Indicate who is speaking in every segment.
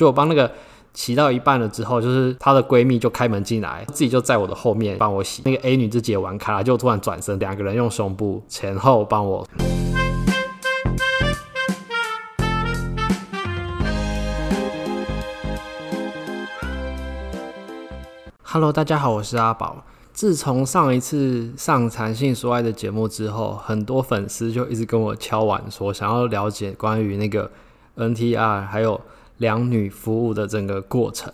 Speaker 1: 就我幫那個洗到一半了之後，就是她的閨蜜就開門進來，自己就在我的後面幫我洗。那個 A 女自己也玩開了，就突然轉身，兩個人用胸部前後幫我。Hello，大家好，我是阿寶。自從上一次上《談性說愛》的節目之後，很多粉絲就一直跟我敲碗說，想要了解關於那個 NTR 還有。兩女服務的整個過程，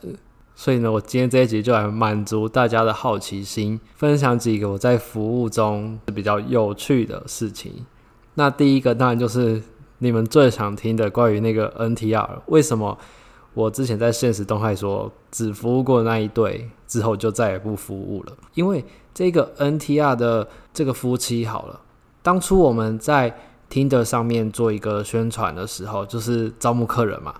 Speaker 1: 所以呢，我今天這一集就來滿足大家的好奇心，分享幾個我在服務中比較有趣的事情。那第一個當然就是你們最想聽的關於那個 NTR，為什麼我之前在現實動態說只服務過那一對，之後就再也不服務了？因為這個 NTR 的這個夫妻，好了，當初我們在 Tinder 上面做一個宣傳的時候，就是招募客人嘛。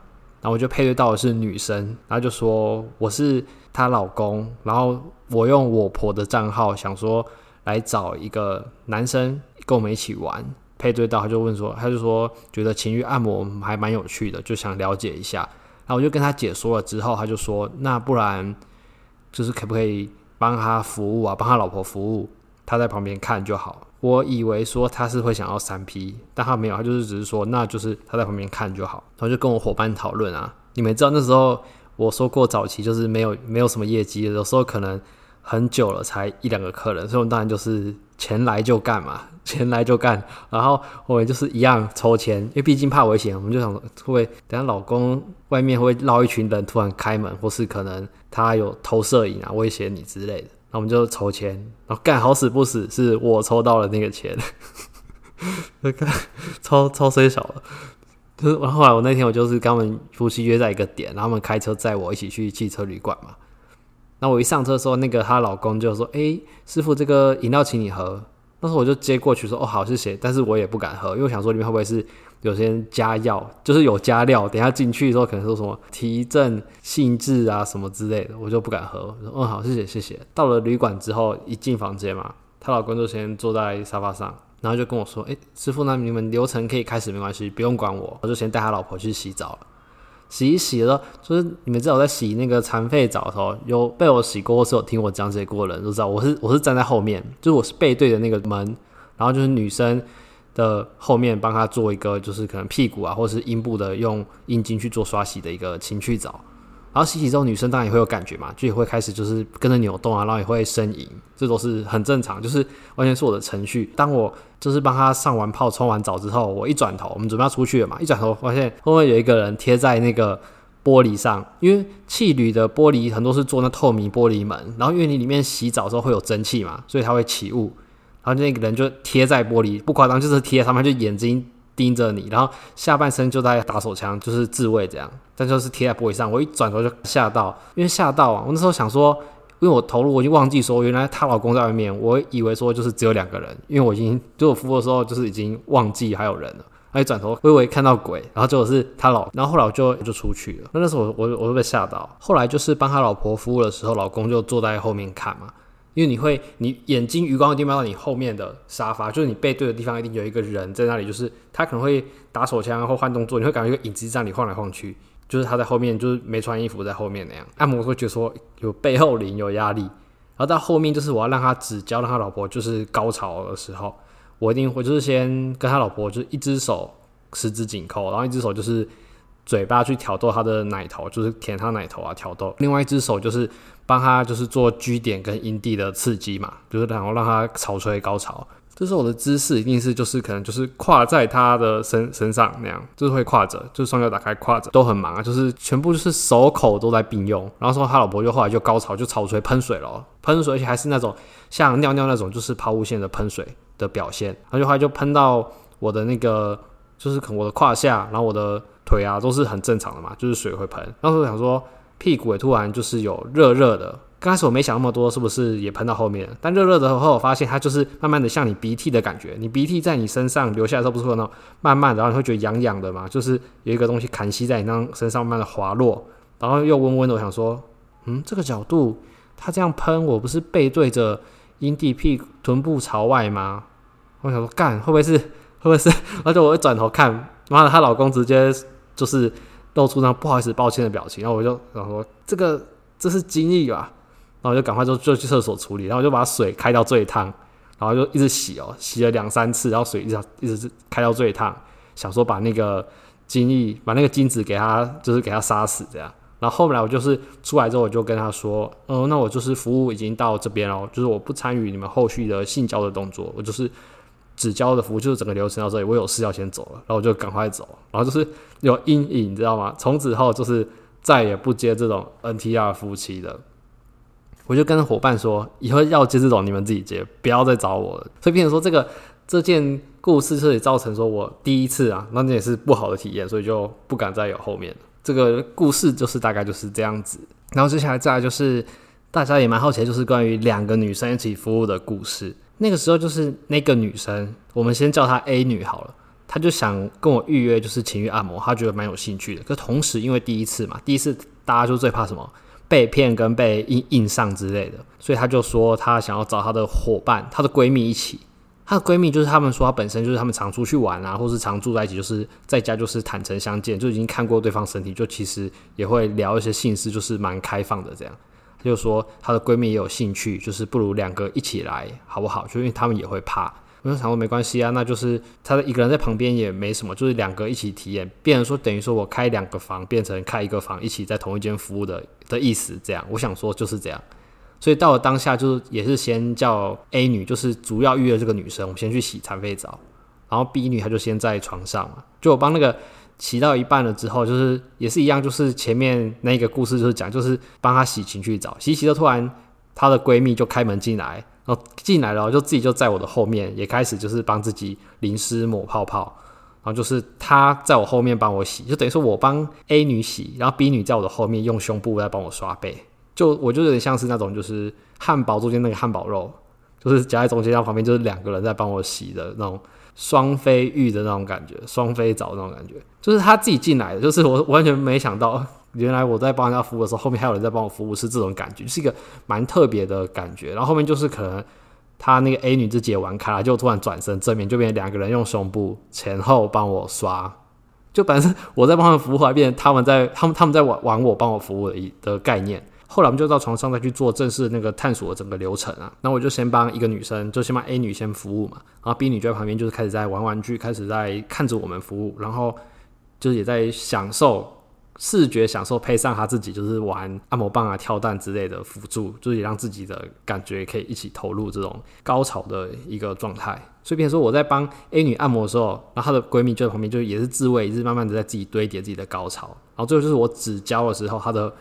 Speaker 1: 然後我就配對到的是女生，然後就說我是她老公，然後我用我婆的賬號，想說來找一個男生跟我們一起玩。配對到他就問說，他就說覺得情欲按摩還蠻有趣的，就想了解一下。然後我就跟他解說了之後，他就說，那不然就是可不可以幫他服務啊？幫他老婆服務，他在旁邊看就好。我以為說他是會想要 3P，但他沒有，他就是只是說，那就是他在旁邊看就好。然後就跟我夥伴討論啊，你們知道那時候我說過早期就是沒有沒有什麼業績，有時候可能很久了才一兩個客人，所以我們當然就是前來就幹嘛，前來就幹。然後我們就是一樣抽錢，因為畢竟怕危險，我們就想會等一下老公外面會烙一群人突然開門，或是可能他有偷攝影啊威脅你之類的。我們就抽籤，然後幹，好死不死，是我抽到了那個籤，那 個超超衰小了。就是，然後，後來我那天我就是跟他們夫妻約在一個點，然後他們開車載我一起去汽車旅館嘛。那我一上車的時候，那個她老公就說：“誒，師傅，這個飲料請你喝。”那時候我就接過去說：“哦，好，謝謝。”但是我也不敢喝，因為我想說裡面會不會是。有些人加藥，就是有加料。等下進去的時候，可能說什麼提振性質啊什麼之類的，我就不敢喝。我說嗯，好，謝謝謝謝。到了旅館之後，一進房間嘛，她老公就先坐在沙發上，然後就跟我說：“哎、欸，師傅，那你們流程可以開始，沒關係，不用管我。”我就先帶他老婆去洗澡了。洗一洗了，就是你們知道，我在洗那個殘廢澡的時候，有被我洗過，的時候有聽我講解過的人，都知道我是我是站在後面，就是我是背對着那個門，然後就是女生。的後面幫他做一個，就是可能屁股啊，或者是陰部的，用陰莖去做刷洗的一個情趣澡。然後洗洗之後，女生當然也會有感覺嘛，就也會開始就是跟着扭動啊，然後也會呻吟，這都是很正常，就是完全是我的程序。當我就是幫他上完泡、沖完澡之後，我一轉頭，我們準備要出去了嘛，一轉頭發現後面有一個人貼在那個玻璃上，因為汽旅的玻璃很多是做那透明玻璃門，然後因為你裡面洗澡的時候會有蒸汽嘛，所以它會起霧。然後那個人就貼在玻璃，不誇張，就是貼，他們就眼睛盯着你，然後下半身就在打手槍，就是自慰這樣。但就是貼在玻璃上，我一轉頭就嚇到，因為嚇到啊！我那時候想說，因為我投入，我已經忘記說，原來她老公在外面，我以為說就是只有兩個人，因為我已經對我服務的時候就是已經忘記還有人了。然後一轉頭微微看到鬼，然後就是他老，然後後來我就我就出去了。那，那時候我我我被嚇到。後來就是幫他老婆服務的時候，老公就坐在後面看嘛。因為你會，你眼睛餘光一定瞄到你後面的沙發，就是你背對的地方一定有一個人在那裡，就是他可能會打手槍或換動作，你會感覺一個影子在你晃來晃去，就是他在後面，就是沒穿衣服在後面那樣。按摩會覺得說有背後靈，有壓力。然後到後面就是我要讓他指交他老婆，就是高潮的時候，我一定會就是先跟他老婆就是一只手十指緊扣，然後一只手就是。嘴巴去挑逗他的奶頭，就是舔他奶頭啊，挑逗；另外一隻手就是幫他，就是做 G 點跟陰蒂的刺激嘛，就是然後讓他潮吹高潮。這時候我的姿勢一定是就是可能就是跨在他的身身上那樣，就是會跨着，就是雙腳打開跨着，都很忙啊，就是全部就是手口都在並用。然後說他老婆就後來就高潮，就潮吹噴水了，噴水而且還是那種像尿尿那種，就是拋物線的噴水的表現。然後就後來就噴到我的那個。就是可能我的胯下，然後我的腿啊都是很正常的嘛，就是水會噴。然後我想說屁股也突然就是有熱熱的，剛開始我沒想那麼多，是不是也噴到後面？但熱熱的後，我發現它就是慢慢的像你鼻涕的感覺，你鼻涕在你身上流下來之後，不是那種慢慢然後你會覺得癢癢的嘛？就是有一個東西砍息在你那身上，慢慢的滑落，然後又溫溫的。我想說，嗯，這個角度它這樣噴，我不是背對着陰蒂屁股臀部朝外嗎？我想說幹會不會是？不是，而且我一轉頭看，然後她老公直接就是露出那不好意思、抱歉的表情，然後我就然後說：“這個這是精液吧？”然後我就趕快就就去廁所處理，然後我就把水開到最燙，然後就一直洗哦，洗了兩三次，然後水一直一直開到最燙，想說把那個精液、把那個精子給他，就是給他殺死這樣。然後後來我就是出來之後，我就跟他說：“嗯、呃，那我就是服務已經到這邊了，就是我不參與你們後續的性交的動作，我就是。”只交的服務就是整個流程，到這裡，我有事要先走了，然後我就趕快走，然後就是有陰影，你知道嗎？從此後就是再也不接這種 NTR 夫妻的。我就跟夥伴說，以後要接這種你們自己接，不要再找我了。所以，變成說這個這件故事，是也造成說我第一次啊，那這也是不好的體驗，所以就不敢再有後面。這個故事就是大概就是這樣子。然後接下來再來就是大家也蠻好奇，就是關於兩個女生一起服務的故事。那個時候就是那個女生，我們先叫她 A 女好了。她就想跟我預約，就是情欲按摩，她覺得蠻有興趣的。可同時，因為第一次嘛，第一次大家就最怕什麼被騙跟被硬硬上之類的，所以她就說她想要找她的伙伴，她的閨蜜一起。她的閨蜜就是她們說她本身就是她們常出去玩啊，或是常住在一起，就是在家就是坦誠相見，就已經看過對方身體，就其實也會聊一些性事，就是蠻開放的這樣。他就是說，他的閨蜜也有興趣，就是不如兩個一起來，好不好？就因為他們也會怕，我、嗯、想說沒關係啊，那就是她一個人在旁邊也沒什麼，就是兩個一起體驗。變成說等於說我開兩個房變成開一個房，一起在同一間服務的的意思，這樣。我想說就是這樣，所以到了當下就是也是先叫 A 女，就是主要預約這個女生，我先去洗殘廢澡，然後 B 女她就先在床上嘛，就我幫那個。洗到一半了之後，就是也是一樣，就是前面那個故事就是講，就是幫她洗情趣澡，洗洗的突然她的閨蜜就開門進來，然後進來了就自己就在我的後面也開始就是幫自己淋濕抹泡泡，然後就是她在我後面幫我洗，就等於說我幫 A 女洗，然後 B 女在我的後面用胸部在幫我刷背，就我就有點像是那種就是漢堡中間那個漢堡肉，就是夾在中間，然後旁邊就是兩個人在幫我洗的那種。雙飛浴的那種感覺，雙飛澡那種感覺，就是他自己進來的，就是我完全沒想到，原來我在幫人家服務的時候，後面還有人在幫我服務，是這種感覺，就是一個蠻特別的感覺。然後後面就是可能他那個 A 女自己玩開了，就突然轉身，正面就變成兩個人用胸部前後幫我刷，就反正我在幫他們服務，還變成他們在他們他們在玩玩我幫我服務的一的概念。後來我們就到床上再去做正式的那個探索的整個流程啊。那我就先幫一個女生，就先幫 A 女先服務嘛。然後 B 女就在旁邊，就是開始在玩玩具，開始在看着我們服務，然後就是也在享受視覺享受，配上她自己就是玩按摩棒啊、跳蛋之類的輔助，就是也讓自己的感覺可以一起投入這種高潮的一個狀態。所以變成說我在幫 A 女按摩的時候，那她的閨蜜就在旁邊，就也是自慰，也是慢慢的在自己堆疊自己的高潮。然後最後就是我指交的時候，她的。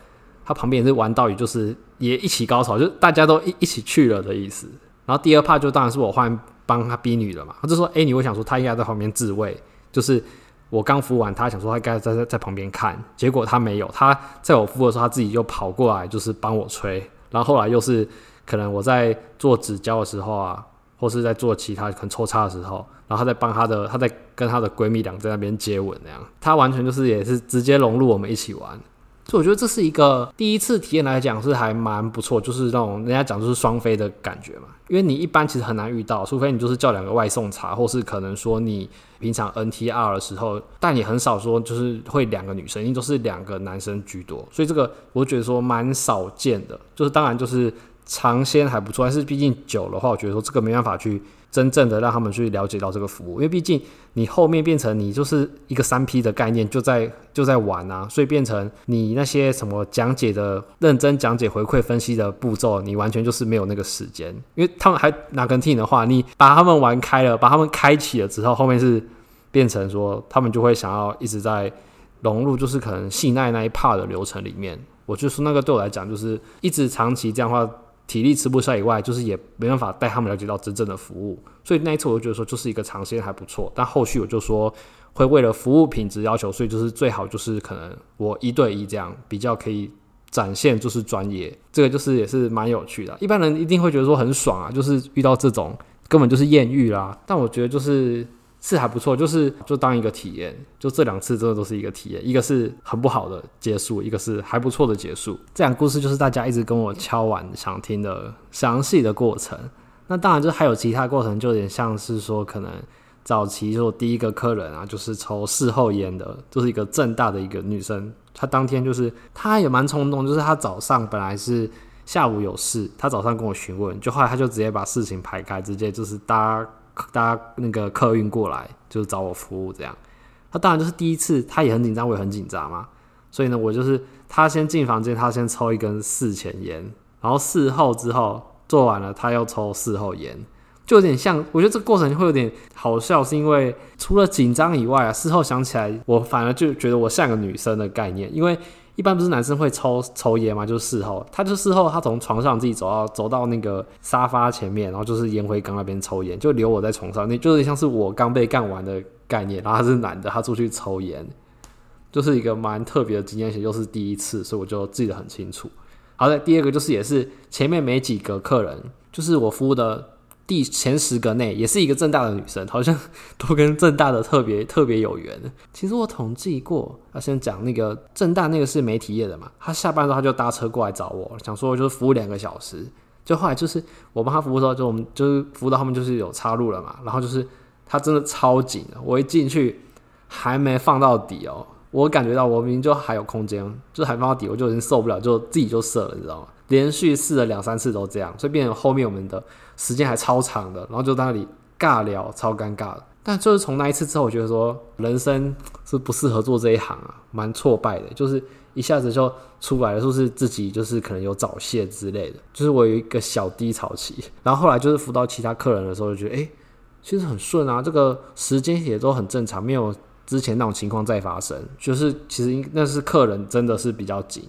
Speaker 1: 他旁邊也是玩到也，就是也一起高潮，就大家都一一起去了的意思。然後第二趴就當然是我換幫他逼女了嘛。他就說，哎、欸，你會想說她應該在旁邊自慰，就是我剛服完他，她想說她應該在在旁邊看，結果她沒有，她在我服的時候，她自己就跑過來就是幫我吹。然後後來又是可能我在做指交的時候啊，或是在做其他可能抽插的時候，然後她在幫她的，她在跟她的閨蜜倆在那邊接吻那樣。她完全就是也是直接融入我們一起玩。所以我覺得這是一個第一次體驗來講是還蠻不錯，就是那種人家講就是雙飛的感覺嘛，因為你一般其實很難遇到，除非你就是叫兩個外送茶，或是可能說你平常 NTR 的時候，但你很少說就是會兩個女生，因為都是兩個男生居多，所以這個我覺得說蠻少見的。就是當然就是嘗鮮還不錯，但是畢竟久的話，我覺得說這個沒辦法去真正的讓他們去了解到這個服務，因為畢竟。你後面變成你就是一個三 P 的概念，就在就在玩啊，所以變成你那些什麼講解的、認真講解、回饋分析的步驟，你完全就是沒有那個時間，因為他們還拿跟聽的話，你把他們玩開了，把他們開啟了之後，後面是變成說他們就會想要一直在融入，就是可能信賴那一 part 的流程裡面。我就說那個對我來講，就是一直長期這樣的話。體力吃不消以外，就是也沒辦法帶他們了解到真正的服務，所以那一次我就覺得說，就是一個嘗試還不錯。但後續我就說，會為了服務品質要求，所以就是最好就是可能我一對一這樣，比較可以展現就是專業。這個就是也是蠻有趣的啊，一般人一定會覺得說很爽啊，就是遇到這種根本就是豔遇啦。但我覺得就是。是還不錯，就是就當一個體驗，就這兩次真的都是一個體驗，一個是很不好的結束，一個是還不錯的結束。這兩個故事就是大家一直跟我敲碗想聽的詳細的過程。那當然就還有其他過程，就有點像是說可能早期就第一個客人啊，就是抽事後菸的，就是一個政大的一個女生，她當天就是她也蠻衝動，就是她早上本來是下午有事，她早上跟我詢問，就後來她就直接把事情排開，直接就是搭。大家那個客運過來就是找我服務這樣，他當然就是第一次，他也很緊張，我也很緊張嘛。所以呢，我就是他先進房間，他先抽一根事前煙，然後事後之後做完了，他又抽事後煙，就有點像。我覺得這個過程會有點好笑，是因為除了緊張以外啊，事後想起來，我反而就覺得我像個女生的概念，因為。一般不是男生會抽抽煙嗎？就事後，他就事後，他從床上自己走到走到那個沙發前面，然後就是煙灰缸那邊抽煙，就留我在床上，那就是像是我剛被幹完的概念。然後他是男的，他出去抽煙，就是一個蠻特別的經驗，就是第一次，所以我就記得很清楚。好的，第二個就是也是前面沒幾個客人，就是我服務的。第前十個內也是一個政大的女生，好像都跟政大的特別特別有緣。其實我統計過，啊，先講那個政大那個是媒體業的嘛，他下班之後他就搭車過來找我，想說我就是服務兩個小時。就後來就是我幫他服務的時候，就我們就是服務到後面就是有插入了嘛，然後就是他真的超緊，我一進去還沒放到底哦、喔，我感覺到我明明就還有空間，就還沒放到底，我就已經受不了，就自己就射了，你知道嗎？連續試了兩三次都這樣，所以變成後面我們的。時間還超長的，然後就在那裡尬聊，超尷尬的。但就是從那一次之後，我覺得說人生是不適合做這一行啊，蠻挫敗的。就是一下子就出來了，說是自己就是可能有早泄之類的，就是我有一個小低潮期。然後後來就是服務到其他客人的時候，就覺得誒、欸、其實很順啊，這個時間也都很正常，沒有之前那種情況再發生。就是其實那是客人真的是比較緊，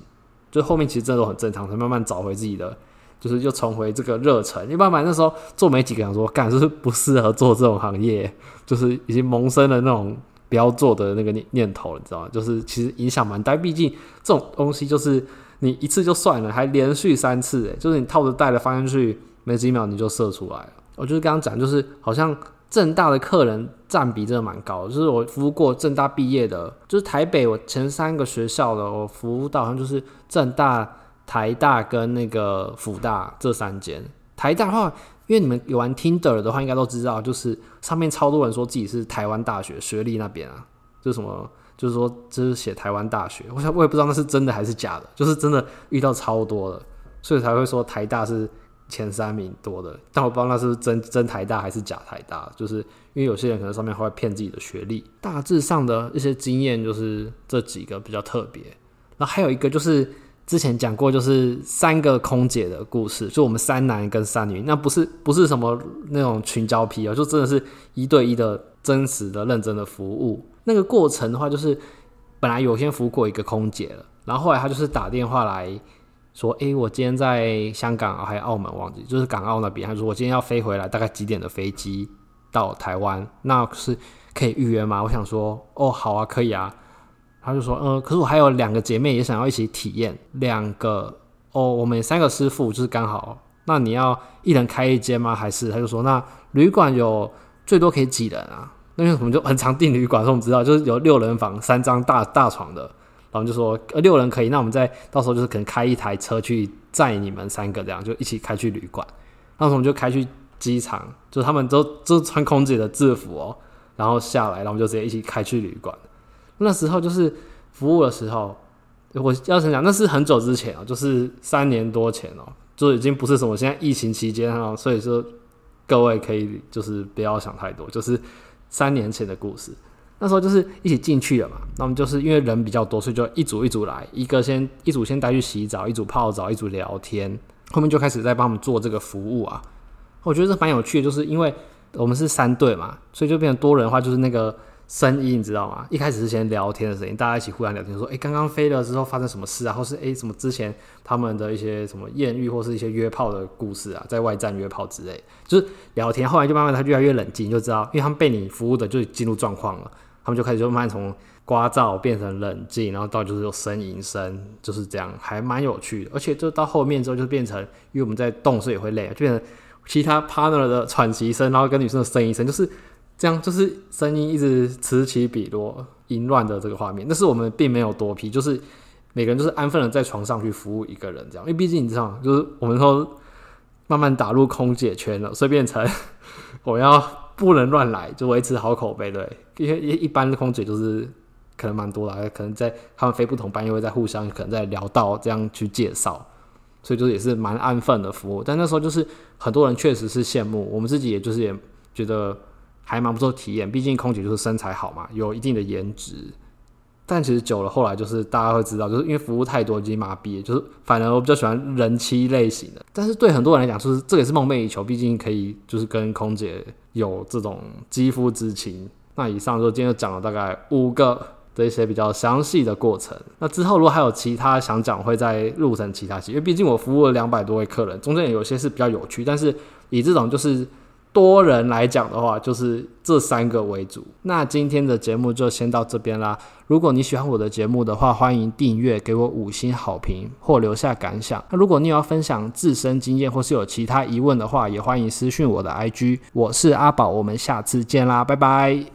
Speaker 1: 就後面其實真的都很正常，才慢慢找回自己的。就是又重回這個熱忱，一般般那時候做沒幾個人說，幹就是不適合做這種行業，就是已經萌生了那種不要做的那個念念頭你知道嗎？就是其實影響蠻大，畢竟這種東西就是你一次就算了，還連續三次，哎，就是你套着帶了放進去，沒幾秒你就射出來了。我就是剛剛講，就是好像政大的客人占比真的蠻高，就是我服務過政大畢業的，就是台北我前三個學校的我服務到，好像就是政大。台大跟那個輔大這三間，台大的話，因為你們有玩 Tinder 的話，應該都知道，就是上面超多人說自己是台灣大學學歷那邊啊，就是什麼，就是說就是寫台灣大學，我想我也不知道那是真的還是假的，就是真的遇到超多的，所以才會說台大是前三名多的，但我不知道那是真真台大還是假台大，就是因為有些人可能上面會騙自己的學歷。大致上的一些經驗就是這幾個比較特別，然後還有一個就是。之前講過，就是三個空姐的故事，就我們三男跟三女，那不是不是什麼那種群交批啊，就真的是一對一的、真實的、認真的服務。那個過程的話，就是本來有先服務過一個空姐了，然後後來他就是打電話來說，哎、欸，我今天在香港、哦、還有澳門忘記，就是港澳那邊，他說我今天要飛回來，大概幾點的飛機到台灣，那是可以預約嗎？我想說，哦，好啊，可以啊。他就說，嗯，可是我還有兩個姐妹也想要一起體驗，兩個哦，我們三個師傅就是剛好，那你要一人開一間嗎？還是他就說，那旅館有最多可以幾人啊？那我們就很常訂旅館，說我們知道就是有六人房，三張大大床的，然後就說呃，六人可以，那我們再到時候就是可能開一台車去載你們三個這樣，就一起開去旅館，那時候我們就開去機場，就是他們都都穿空姐的制服哦，然後下來，然後我們就直接一起開去旅館。那時候就是服務的時候，我要先講，那是很久之前哦，就是三年多前哦，就已經不是什麼現在疫情期間哦，所以說各位可以就是不要想太多，就是三年前的故事。那時候就是一起進去了嘛，那我們就是因為人比較多，所以就一組一組來，一個先一組先帶去洗澡，一組泡澡，一組聊天，後面就開始在幫我們做這個服務啊。我覺得這蠻有趣的，就是因為我們是三對嘛，所以就變成多人的話就是那個。聲音，你知道嗎？一開始之前聊天的聲音，大家一起互相聊天，說：“哎、欸，剛剛飛了之後發生什麼事啊？”然後是“哎、欸，什麼之前他們的一些什麼豔遇或是一些約炮的故事啊，在外站約炮之類，就是聊天。後來就慢慢他越來越冷靜，你就知道因為他們被你服務的就進入狀況了，他們就開始就慢慢從聒噪變成冷靜，然後到就是有呻吟聲，就是這樣，還蠻有趣的。而且就到後面之後就變成，因為我們在動，所以也會累，就變成其他 partner 的喘息聲，然後跟女生的呻吟聲，就是。這樣就是聲音一直此起彼落，淫亂的這個畫面。但是我們並沒有多 P，就是每個人就是安分的在床上去服務一個人，這樣。因為畢竟你知道，就是我們都慢慢打入空姐圈了，所以變成我要不能亂來，就維持好口碑。對，因為一一般的空姐就是可能蠻多的，可能在他們飛不同班，又會在互相可能在聊到這樣去介紹，所以就也是蠻安分的服務。但那時候就是很多人確實是羨慕我們自己，也就是也覺得。還蠻不錯體驗，畢竟空姐就是身材好嘛，有一定的顏值。但其實久了，後來就是大家會知道，就是因為服務太多已經麻痹了，就是反而我比較喜歡人妻類型的。但是對很多人來講，就是這也是夢寐以求，畢竟可以就是跟空姐有這種肌膚之情。那以上就今天就講了大概五個的一些比較詳細的過程。那之後如果還有其他想講，會再錄成其他期，因為畢竟我服務了兩百多位客人，中間也有些是比較有趣，但是以這種就是。多人來講的話，就是這三個為主。那今天的節目就先到這邊啦。如果你喜歡我的節目的話，歡迎訂閱，給我五星好評或留下感想。那如果你要分享自身經驗或是有其他疑問的話，也歡迎私訊我的 IG。我是阿寶，我們下次見啦，拜拜。